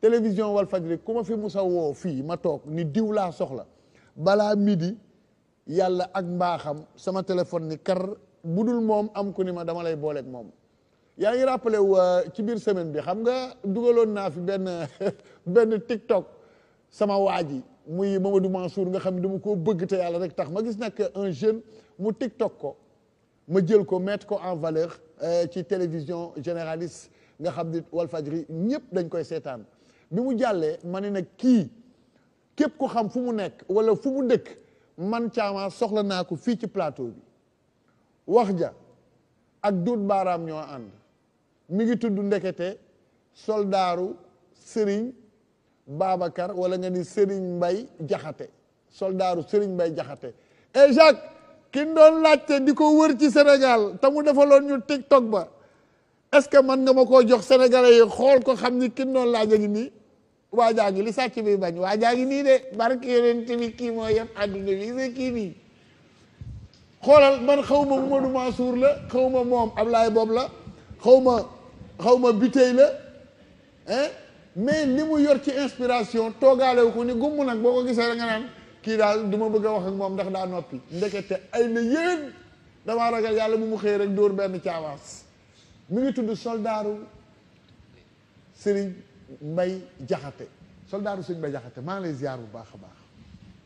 télévision wal ku ma fi musa woo fii ma tok ni diw laa soxla bala midi yalla ak mbaxam sama téléphone ni kar budul mom, am ko ni ma dama lay booleeg mom ya ngi rappelé wu euh, ci biir semaine bi xam nga dugalon na fi ben ben TikTok sama waji ji muy Mamadou Mansour nga xam ne dama ko bëgg te yalla rek tax ma gis nak un jeune mu TikTok ko ma jël ko mettre ko en valeur euh, ci télévision généraliste nga xam wal Walfadjri ñepp dañ koy seetaan bi mu jàllee ma ne nag kii képp ku xam fu mu nekk wala fu mu dëkk man Thiama soxla naa ko fii ci plateau bi wax ja ak duut baaraam ñoo ànd mi ngi tudd ndekete soldaaru sëriñ Babacar wala nga ni Serigne Mbay Jaxate soldaaru Serigne Mbay Jaxate et eh, Jacques doon laajte di ko wër ci senegal te mu defaloon ñu TikTok ba est-ce que man nga ma koo jox sénégalais yi xool ko xam ni ki doon laaj a ngi nii waa jaa li sàcc bi bañ waa jaa ngi nii de barke yonent bi kii mooy yem àdduna bi se kii nii xoolal man xaw ma Modou suur la xaw ma moom Ablaye Bob la xawma ma xaw ma Biteye la hein mais li mu yor ci inspiration toogaalewu ko ni gumm nag boo ko gisee da nga naan kii daal du ma bëgg a wax ak moom ndax daa noppi ndekete ay la yéen damaa ragal yàlla bu mu xëy rek dóor benn caawaas mu ngi tudd soldaaru Serigne Mbay Jaxate soldaaru sëñ Mbay Jaxate maa ngi lay ziar bu baax a baax.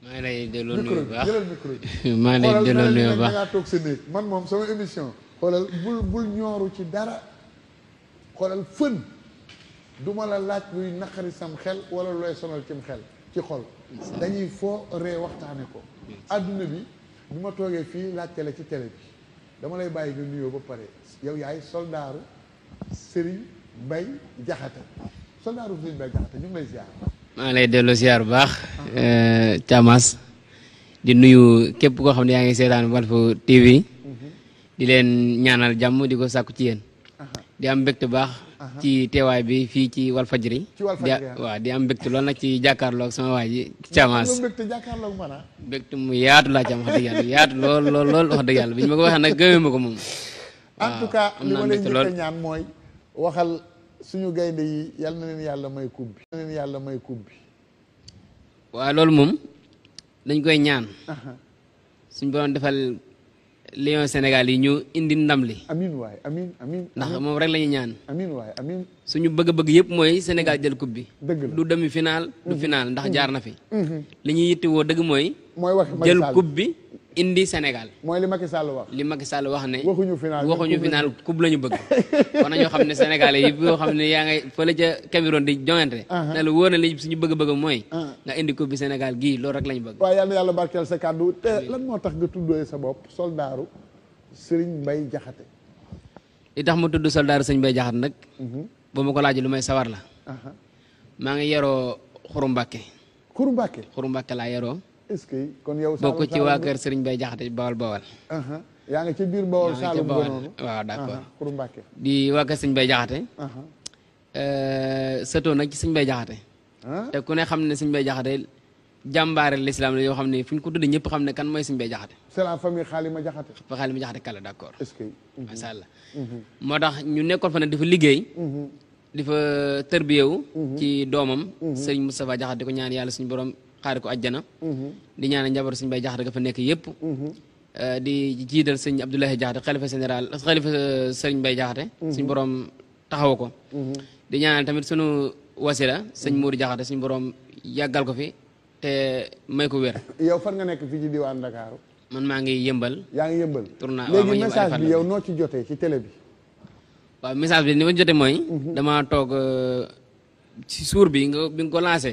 maa ngi lay delloo nuyu baax micro bi jëlal micro bi. maa ngi lay delloo nuyu baax xoolal toog sa néeg man moom sama émission. xoolal bul bul ñooru ci dara xoolal fën duma la laaj luy naqari sam xel wala looy sonal cim xel ci xol. dañuy foo ree waxtaane ko. adduna bi bi ma toogee fii laajte la ci télé bi dama lay bàyyi nga nuyoo ba pare yow yaay soldaaru Serigne Mbay Jaxate soldaaru Serigne Baye Diakhaté ñu ngi ziar. lay ziar euh, di nuyu képp koo xam ne setan Walfu TV. di len ñaanal jamu di ko sàkku ci yéen. di am mbégte baax. ci teewaay bi fi ci Walfadjri. ci Walfadjri di am mbégte lool nag ci jàkkaarloog sama waa ji Thiamas. mbégte jàkkaarloog man ah. mbégte mu yaatu laa ci am wax dëgg yaatu lool lool lool wax dëgg yàlla bi ñu ma ko waxee nag gëwee en tout cas li ma ñaan waxal. suñu gaynde yi yal na leen yàlla may coupe bi yàlla may coupe loolu moom dañ koy ñaan suñ boroom defal Lion Sénégal yi ñu indi ndam li amin waay ndax moom rek lañuy ñaan amin waay amin suñu bëgg-bëgg yëpp mooy Sénégal jël coupe bi dëgg la du demi final du mhm. final ndax mhm. jaar na fi mhm. li ñuy yittewoo dëgg mooy jël coupe bi indi Sénégal. mooy li Macky Sall wax. li Macky Sall wax ne. waxuñu final waxuñu final la ñu bëgg. kon nag ñoo xam ne sénégalais yi yoo xam ne yaa ngay fële ca Cameroun di joŋante. Uh-huh. na la wóor na li suñu bëgg bëgga mooy. Uh-huh. nga indi coupe bi Sénégal gii loolu rek lañu ñu bëgg. waaw yal yàlla barkeel sa kàddu te lan moo tax nga tuddee sa bopp soldaaru Serigne Mbaye Diakhaté. li tax ma tudd soldaaru Serigne Mbaye Diakhaté nag. Uh-huh. ba ma ko laajee lu may sawar la. maa ngi yaroo Xuru Mbàkke. Xuru Mbàkke. Xuru laa yaroo. est kon yow. bokk ci waa kër Serigne Baye Jaxate Bawal Bawal. yaa ngi ci bir Bawal Saalum ba noonu waaw d'accord Kourou Mbacke di waa kër Serigne Baye Jaxate. Eh, sëtoo nag ci Serigne Baye Jaxate. te ku ne xam ne Serigne Baye Jaxate jàmbaare l'islam la yoo xam ko tudd ñëpp xam kan mooy Serigne Baye Jaxate. c'est la famille Xaalima Jaxate. fa Xaalima Jaxate kala d'accord. est-ce que mhm. macha allah. Mhm. moo tax ñu nekkoon fa nag di fa liggéey. Mhm. di fa tërbiyewu. ci doomam. Serigne Moustapha Jaxate ko ñaan yàlla suñu borom. xaari ko ajjana mm-hmm. di ñaanal njaboot sëñ Baye Jaxate ga fa nekk yëpp mm-hmm. eh, di jiidal sëñ Abdoulaye Jaxate xalifa général xalifa eh, sëñ Baye Jaxate mm-hmm. suñ borom taxaw ko di ñaanal tamit sunu wasila sëñ Mourou Jaxate suñ borom yàggal ko fi te may ko wér yow fan nga nekk fii ci diwaan Dakar man maa ngi yëmbal yaa ngi yëmbal tourna léegi message bi yow noo ci jotee ci télé bi waaw message bi ni ma jotee mooy dama toog eh, ci suur bi nga ko lancé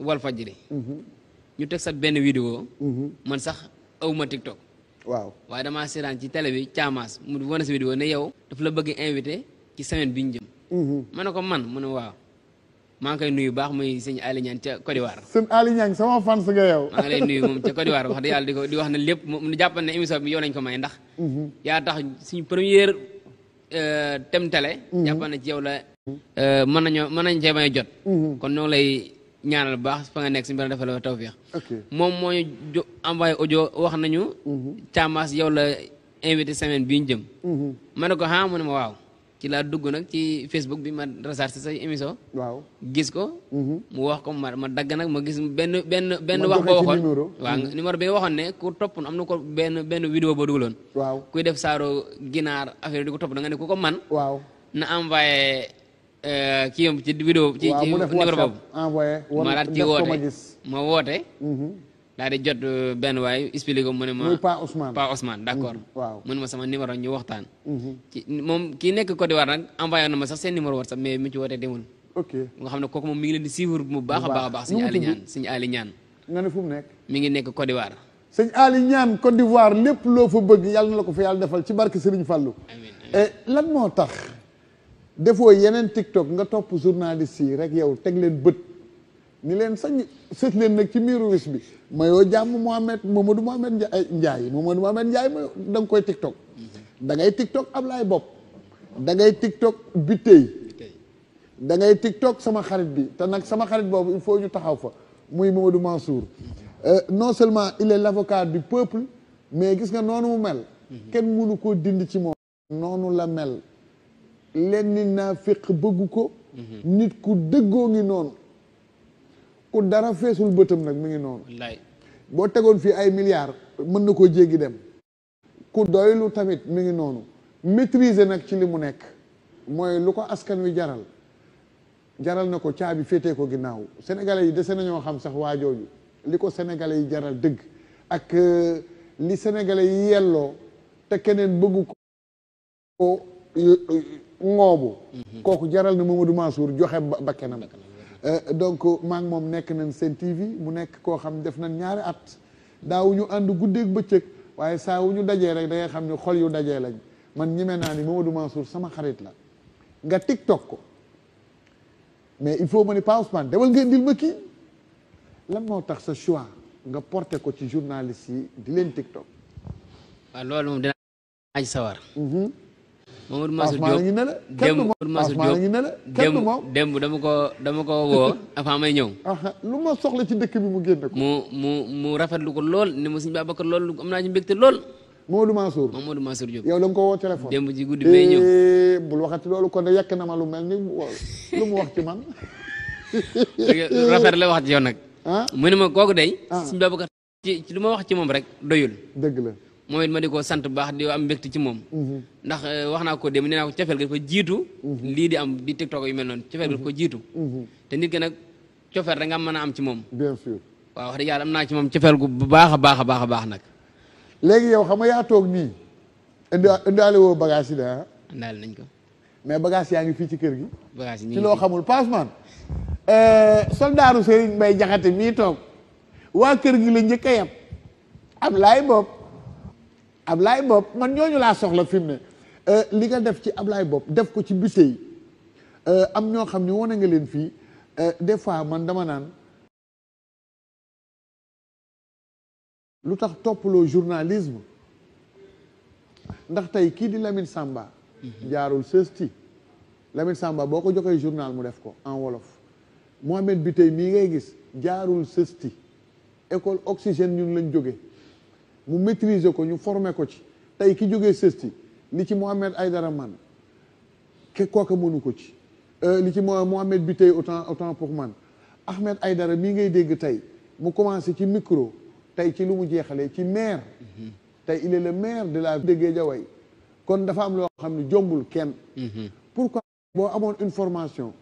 Walfadjri mhm. ñu teg sa benn vidéo mhm. man sax awma TikTok waaw waaye damaa seetaan ci tele bi caamaas mu wane sa vidéo ne yow daf la bëgg invité ci semaine bi ñu jëm mhm. ma ne ko man mu ne waaw maa ngi koy nuyu baax muy sëñ Aly Niang ca Côte d'Ivoire sëñ Aly Niang sama fans nga yow maa lay nuyu moom ca Côte wax dëgg yàlla di ko di wax na lépp mu jàppal ne émission bi yow lañ ko may ndax yaa tax suñu première euh, thème télé jàppal ne ci yow la euh, mën nañoo mën nañ cee may jot kon ñoo ñaanal bu baax fa nga nekk suñu borom defal la tawféex. moom moo ñu jo envoyé audio wax nañu. Mhm. Thiamas yow la invité semaine bii ñu jëm. Mhm. ma ne ko ah mu ne ma waaw ci laa dugg nag ci Facebook bi ma recherché say émission. waaw gis ko. Mhm. mu wax ko ma ma dagg nag ma gis benn benn benn wax boo waxoon waaw numéro bi nga waxoon ne ku topp am na ko benn benn vidéo boo loon waaw kuy def saaro ginaar affaire di ko topp da nga ne ku ko man na envoyé. Eh, kiyam ci vidéo ci ci numéro boobu ma daal ci woote ma woote mhm. daal di jot euh, benn waay expliqué ko mu ne ma muy Pa Ousmane Pa Ousmane d' accord mhm, waaw mu ne ma sama numéro ñu waxtaan mhm. ci moom kii nekk Côte d'Ivoire nag envoyé na ma sax seen numéro WhatsApp mais mi ci wootee demul ok nga xam ne kooku moom mi ngi leen di suivre bu baax a baax a Ali Ñaan suñu Ali Ñaan nga ne fu mu mi ngi nekk Côte d'Ivoire sëñ Ali Ñaan Côte d'Ivoire lépp loo fa bëgg yàlla na la ko fa yàlla defal ci barke Serigne Fallou amiin eh, lan moo tax defoo yeneen TikTok nga topp journaliste yi rek yow teg leen bët ni leen sañ sët leen nag ci miiru wis bi mayoo jàmm Mohamed Mamadou Mohamed Ndiaye Mamadou Mohamed Ndiaye ma da nga koy TikTok mhm. da ngay TikTok Ablaye Bopp da ngay TikTok Bitey da ngay TikTok sama xarit bi te nag sama xarit boobu il faut ñu taxaw fa muy Mamadou Mansour mhm. euh, non seulement il est l'avocat du peuple mais gis nga noonu mu mel mhm. kenn mënu koo dindi ci moom noonu la mel lenn naa féq bëggu ko nit ku dëggoo ngi noonu ku dara feesul bëtam nag mu ngi noonu boo tegoon fii ay milliards mën na koo jéggi dem ku doylu tamit mi ngi noonu maîtriser nag ci li mu nekk mooy lu ko askan wi jaral jaral na ko caabi féetee ko ginnaaw sénégalais yi dese nañoo xam sax waa li ko sénégalais yi jaral dëgg ak euh, li sénégalais yi yelloo te keneen bëggu ko ŋoobu mhm. kooku jaral na Mamadou Mansour joxe bakkenam euh, donc maa moom nekk nañ seen TV mu nekk koo xam def nañ ñaari at daawuñu ànd guddeeg bëccëg waaye saa wuñu dajee rek da ngay xam ne xol yu dajee lañ man ñime naa ni Mamadou Mansour sama xarit la nga tiktok ko mais il faut ma ni Pa Ousmane demal nga indil ma kii lan moo tax sa choix nga porte ko ci journaliste yi di leen tiktok waaw loolu moom dinaa Mamadou Mansour Diop Mamadou masuk Diop démb dama ko dama ko woo avant may ñëw lu masuk soxla ci dëkk bi mu génn ko mu mu mu rafetlu ko lool ni ma lool am naa ci mbégte lool masuk Mansour Mamadou Mansour Diop yow la nga ko woo téléphone démb ci guddi bay ñëw eh, bul lu mel ni lu mu wax ci man rafet la wax ci yow nag ah? mu ah. doyul dëgg moom it ma di ko sant bu baax di am mbégte ci moom mhm. ndax eh, wax naa ko dem nee naa ko cofeel ga dafa jiitu mhm. lii di am di tiktok yu mel noonu cofeel ga ko mhm. jiitu te nit ki nag cofeel da nga mën a am ci moom waaw wax dëgg yàlla am naa ci moom cofeel gu bu baax a baax baax baax nag léegi yow xam nga yaa toog nii indi indaale woo bagage yi daa ah. indaale nañ ko mais bagage yaa ngi fii ci kër gi bagage yi ci loo xamul passement eh, soldaaru Serigne Mbaye Jaxate mii toog waa kër gi la njëkk a yem am laay bopp ab Ablaye Bob man ñooñu laa soxla fi ne euh, li nga def ci Ablaye bopp def ko ci bité euh, am ñoo xam ni wane nga leen fii euh, des fois man dama naan lu tax toppaloo journalisme ndax tey kii di Lamine Samba mhm. jaarul sësti Lamine Samba boo ko joxee journal mu def ko en wolof Mohamed Biteye mii ngay gis jaarul sësti école oxygène ñun lañ jóge mu maîtriser ko ñu former ko ci tey ki jógee sësti li ci Mohamed Aydara man ke kooka mënu ko ci li euh, ci Mohamed bi tey autant autant pour man Ahmed Aydara mi ngay dégg tey mu commencé ci micro tey ci lu mu jeexalee ci maire mhm. tey il est le maire de la ville de kon dafa am loo xam ne jombul kenn mhm. pourquoi boo amoon une formation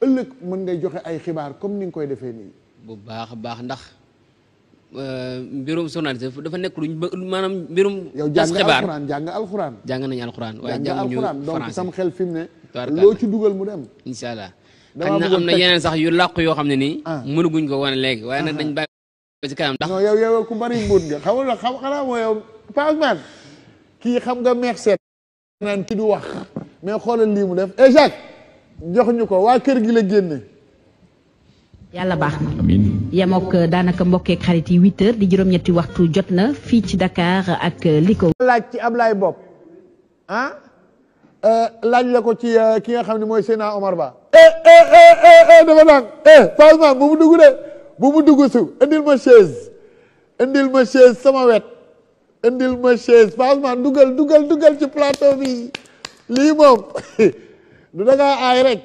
ëllëg mën ngay joxe ay xibaar comme ni nga koy defee nii bu baax baax ndax Euh, mbirum journaliste dafa nekk luñ ba maanaam mbirum. tas xibaar yow jàng nga alxuraan jàng nañu alxuraan. waaye jànguñu français sam xel fi mu ci dugal mu dem. incha allah xañ na am sax yu làqu yoo xam ne nii. Ah. mënaguñ ko wane léegi waaye nag ah. dañ bàyyi ba ci kanam ndax. yow yow ku bari mbuut nga xamul la xam xanaa mooy yow Paz Man xam nga meex seet. naan ki du wax mais xoolal lii mu def et eh, jox ñu ko waa kër gi la génne. yàlla baax na yemook euh, daanaka mbokkeek xarit yi huit heures di juróom-ñetti waxtu jot na fii ci Dakar ak euh, li ko laaj ci Ablaye Bob ah euh, laaj la ko ci ki nga xam ne mooy Seydina Omar Ba eh, eh, eh, dafa naan pasement bu mu dugg de bu mu dugg su indil ma chaise indil ma chaise sama wet indil ma chaise pasement dugal dugal duggal ci plateau bi lii moom du da aay rek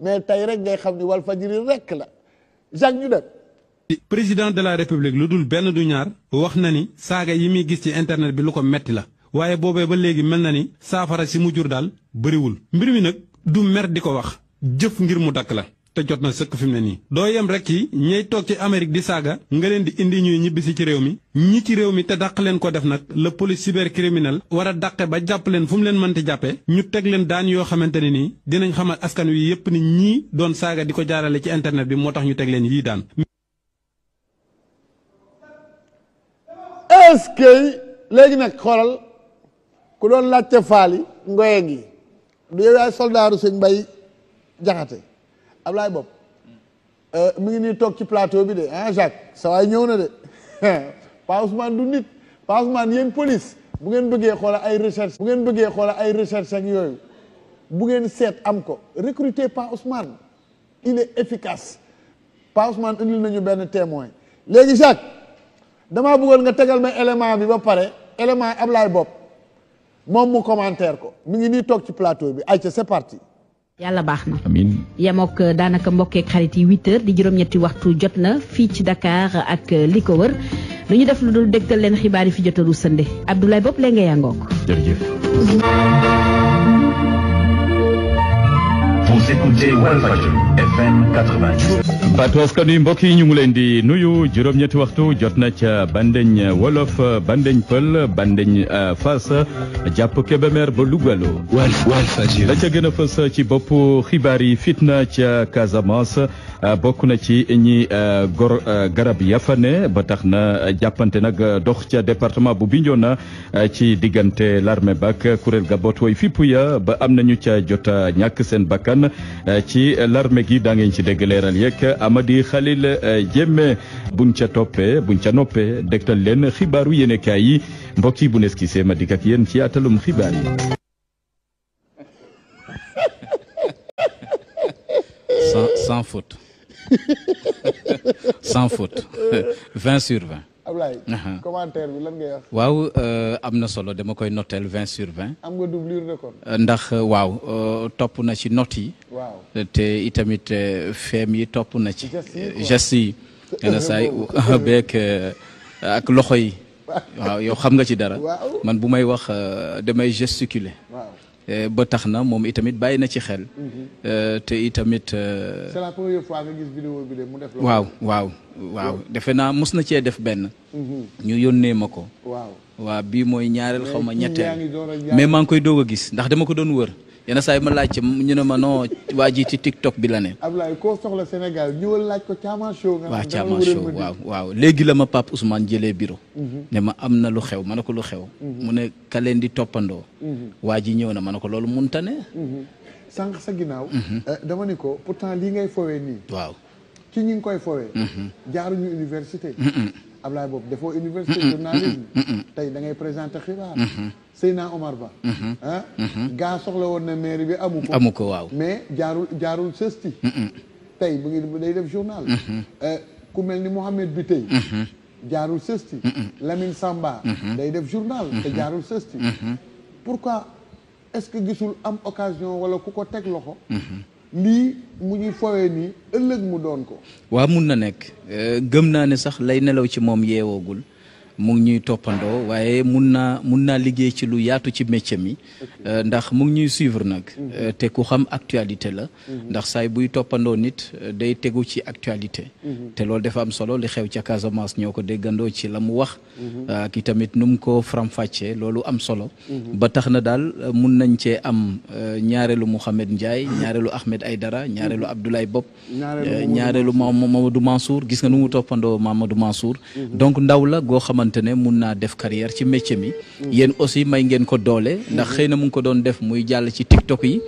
mais tey rek ngay xam ni Walfadjri rek la Jacques ñu président de la république ludul ben du ñaar wax na ni saga yi mi gis ci internet bi lu ko metti la waye bobé ba légui mel na ni safara ci mu jur daal bëriwul mbir mi nak du mer diko wax jëf ngir mu dak la. te jot na sëkk fi mu ne nii doo yem rek ci ñey toog ci Amérique di saaga nga leen di indi ñuy ñibbisi ci réew mi ñi ci réew mi te dàq leen ko def nag la police cybercriminel war a dàqe ba jàpp leen fu mu leen mënti jàppee ñu teg leen daan yoo xamante ne nii dinañ xamal askan wi yépp ni ñii doon saaga di ko jaarale ci internet bi moo tax ñu teg leen yii daan. est léegi nag xoolal ku doon laajte faali ngoye gi du yow yaay soldaaru sëñ bay Jaxate Ablaye Bob euh, mu ngi nii toog ci plateau bi de ah Jacques sa waay ñëw na de Pa Ousmane du nit Pa Ousmane yéen police bu ngeen bëggee xoola ay recherche bu ngeen bëggee xoola ay recherche ak yooyu bu ngeen seet am ko recruter Pa Ousmane il est efficace Pa Ousmane indil nañu benn témoin léegi Jacques damaa bëggoon nga tegal ma élément bi ba pare élément Ablaye Bob moom mu commentaire ko mu ngi nii toog ci plateau bi ayca c'est parti yàlla baax na yemook euh, daanaka mbokkeek xarit yi huit heures di juróom-ñetti waxtu jot na fii ci Dakar ak euh, li ko wër lu ñu def lu dul dégtal leen xibaar yi fi jotalu sënde Abdoulaye Bopp léegi nga yàngook jërëjëf vous écoutez baatu askan wi mbokk yi ñu ngi leen di nuyu juróom-ñetti waxtu jot na ca bandeñ wolof bandeñ pël bandeñ euh, fas jàpp Kébémer ba Lugalo la ca gën a fës ci boppu xibaar yi fitna ca Casamance euh, bokk na ci ñi euh, gor garab yafane ba tax na jàppante nag dox ca département bu Bignona ci diggante l'armée bak kuréel ga boot fippu ya ba am nañu ca jot ñàkk seen bakkan ci l'armée gi da ngeen ci dégg leeral yeeg Amady Khalil Diémé eh, buñ ca toppee buñ ca noppee dégtal leen xibaaru yéenekaay yi mbokk yi bu nees gisee ma dikk ak yéen ci atalum xibaar yi. sans sans faute sans faute sur 20. Ablaye. commentaire bi euh, am na solo dama koy notel vingt sur vingt. am nga euh, ndax euh, waaw topp na ci notes yi. waaw te itamit feem yi topp na ci. gestes yi yenn ak loxo yi. waaw yow xam nga ci dara. man bu may wax damay gesticuler. waaw. ba tax na itamit bayina ci xel. te itamit. c'est la première fois nga gis vidéo bi le mu def. waaw waaw waaw defe naa mos na def ben ñu yónnee ma waaw waaw bii mooy ñaareel xaw ma mais maa koy doog gis ndax dama ko doon wër. yenn saa yi ma laajte ñu ne ma noo waa ji ci TikTok bi la ne. laay koo soxla Sénégal ñëwal laaj ko Thiaman Show. waaw waaw léegi la ma Pape Ousmane jëlee bureau. Mhm. ne ma am na lu xew ma ne ko lu xew. Mhm. mu ne ka leen di toppandoo. Mhm. waa ji ñëw na ma ne ko loolu mënta ne. sànq sa ginnaaw. Eh, dama ni ko pourtant lii ngay fowee nii. waaw ci ñu ngi koy fowee. jaaruñu université. Ablaye boobu dafoo université journalisme. tey da ngay présenter xibaar. Seyna Omar Ba. Mm-hmm. ah. Mm-hmm. gaa soxla woon na maire bi amu ko. amu ko waaw mais jaarul jaarul sësti. tey mu ngi day def journal. Mm-hmm. Eh, ku mel ni Mohamed bi tey. jaarul sësti. Lamine Samba. day def journal te jaarul sësti. pourquoi est-ce que gisul am occasion wala ku ko teg loxo. lii mu ñuy fowee nii ëllëg mu doon ko. waa mun na nekk eh, gëm naa ne sax lay nelaw ci moom yeewoogul. mu ngi ñuy toppandoo waaye mun naa mun naa liggéey ci lu yaatu ci métier mi euh, ndax mu ngi ñuy suivre nag mm-hmm. euh, te ku xam actualité la mm-hmm. ndax saay buy toppandoo nit euh, day tegu ci actualité mm-hmm. te loolu dafa am solo li xew ca Casamance ñoo ko déggandoo ci la mu wax ki tamit nu mu ko faram-fàccee loolu am solo ba tax na daal mun nañ cee am ñaareelu Mouhamed Ndiaye ñaareelu Ahmed dara ñaareelu Abdoulaye Bob ñaareelu Mamadou Mansour gis na nu mu toppandoo Mamadou Mansour donc ndaw la goo xamante ne mun naa def carrière ci métier mi. yéen aussi may ngeen ko doole. ndax xëy na mu ngi ko doon def muy jàll ci TikTok yi.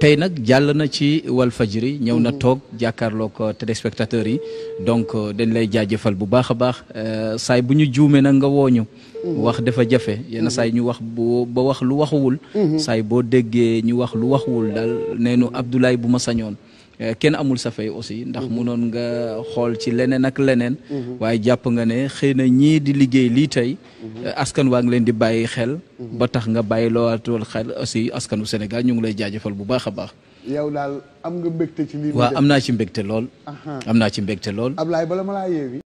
tey nag jàll na ci Walfadjri ñëw na toog jàkkaarloog téléspectateurs yi donc euh, dañ lay jaajëfal bu baax a baax euh, saay bu ñu juumee nag nga wooñu wax dafa jafe yenn saay ñu wax boo ba wax lu waxuwul. Mhm. saay boo déggee ñu wax lu waxuwul daal nee nu Abdoulaye bu ma sañoon. Euh, kenn amul sa fay aussi ndax mhm. munoon nga xool ci leneen ak leneen mhm. waaye jàpp nga ne xëy na ñii di liggéey lii tey mhm. euh, askan waa ngi leen di bàyyi xel ba tax nga bàyyi loowaatool xel aussi askanu Sénégal ñu ngi lay jaajëfal bu baax a baax yow daal am nga mbégte ci lii waaw am naa ci mbégte lool naa ci mbégte lool